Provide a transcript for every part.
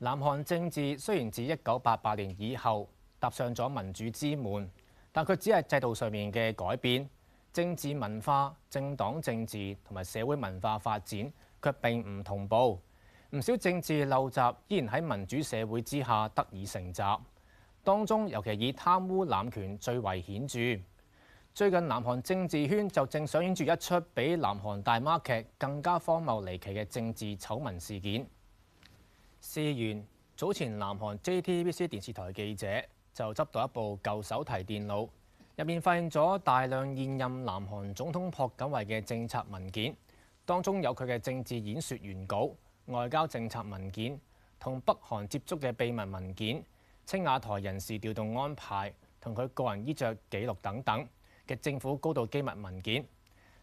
南韓政治雖然自一九八八年以後踏上咗民主之門，但佢只係制度上面嘅改變，政治文化、政黨政治同埋社會文化發展卻並唔同步。唔少政治陋習依然喺民主社會之下得以成習。當中尤其以貪污濫權最為顯著。最近南韓政治圈就正上演住一出比南韓大媽劇更加荒謬離奇嘅政治醜聞事件。事緣早前南韓 JTBC 電視台記者就執到一部舊手提電腦，入面發現咗大量現任南韓總統朴槿惠嘅政策文件，當中有佢嘅政治演說原稿、外交政策文件、同北韓接觸嘅秘密文件、青瓦台人事調動安排、同佢個人衣着記錄等等嘅政府高度機密文件，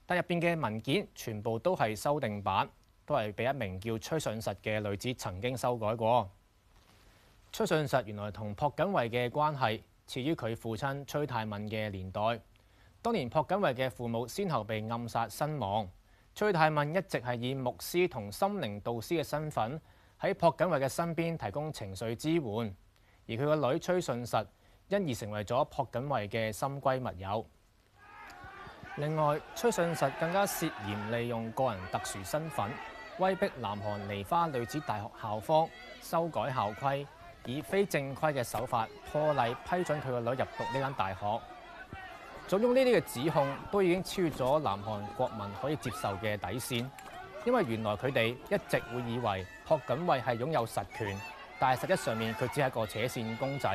但入面嘅文件全部都係修訂版。都係被一名叫崔信實嘅女子曾經修改過。崔信實原來同朴槿惠嘅關係始於佢父親崔泰敏嘅年代。當年朴槿惠嘅父母先後被暗殺身亡，崔泰敏一直係以牧師同心靈導師嘅身份喺朴槿惠嘅身邊提供情緒支援，而佢個女崔信實因而成為咗朴槿惠嘅心歸密友。另外，崔信實更加涉嫌利用個人特殊身份。威逼南韓梨花女子大學校方修改校規，以非正規嘅手法破例批准佢個女入讀呢間大學。總共呢啲嘅指控都已經超越咗南韓國民可以接受嘅底線，因為原來佢哋一直會以為朴槿惠係擁有實權，但係實質上面佢只係一個扯線公仔。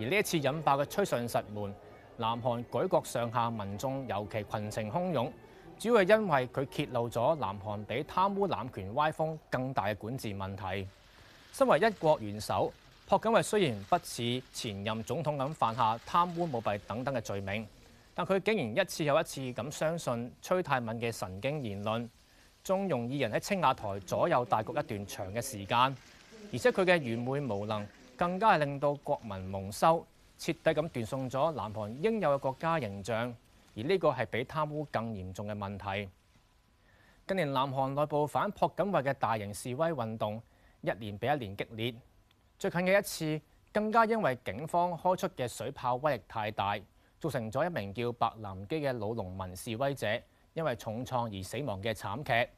而呢一次引爆嘅崔順實門，南韓舉國上下民眾尤其群情洶湧。主要係因為佢揭露咗南韓比貪污濫權歪風更大嘅管治問題。身為一國元首，朴槿惠雖然不似前任總統咁犯下貪污舞弊等等嘅罪名，但佢竟然一次又一次咁相信崔泰敏嘅神經言論，縱容二人喺青瓦台左右大局一段長嘅時間，而且佢嘅愚昧無能更加係令到國民蒙羞，徹底咁斷送咗南韓應有嘅國家形象。而呢個係比貪污更嚴重嘅問題。近年南韓內部反朴槿惠嘅大型示威運動，一年比一年激烈。最近嘅一次，更加因為警方開出嘅水炮威力太大，造成咗一名叫白南基嘅老農民示威者因為重創而死亡嘅慘劇。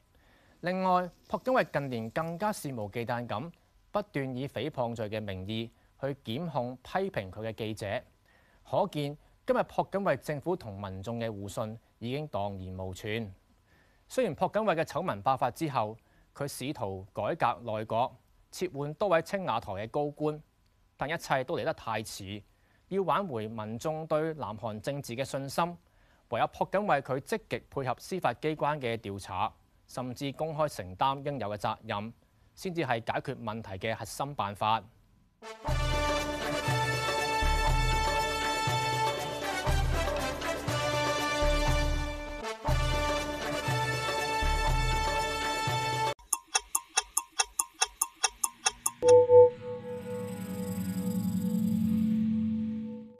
另外，朴槿惠近年更加肆無忌憚咁，不斷以誹謗罪嘅名義去檢控批評佢嘅記者，可見，今日朴槿惠政府同民眾嘅互信已經蕩然無存。雖然朴槿惠嘅醜聞爆發之後，佢試圖改革內閣、撤換多位青瓦台嘅高官，但一切都嚟得太遲。要挽回民眾對南韓政治嘅信心，唯有朴槿惠佢積極配合司法機關嘅調查，甚至公開承擔應有嘅責任，先至係解決問題嘅核心辦法。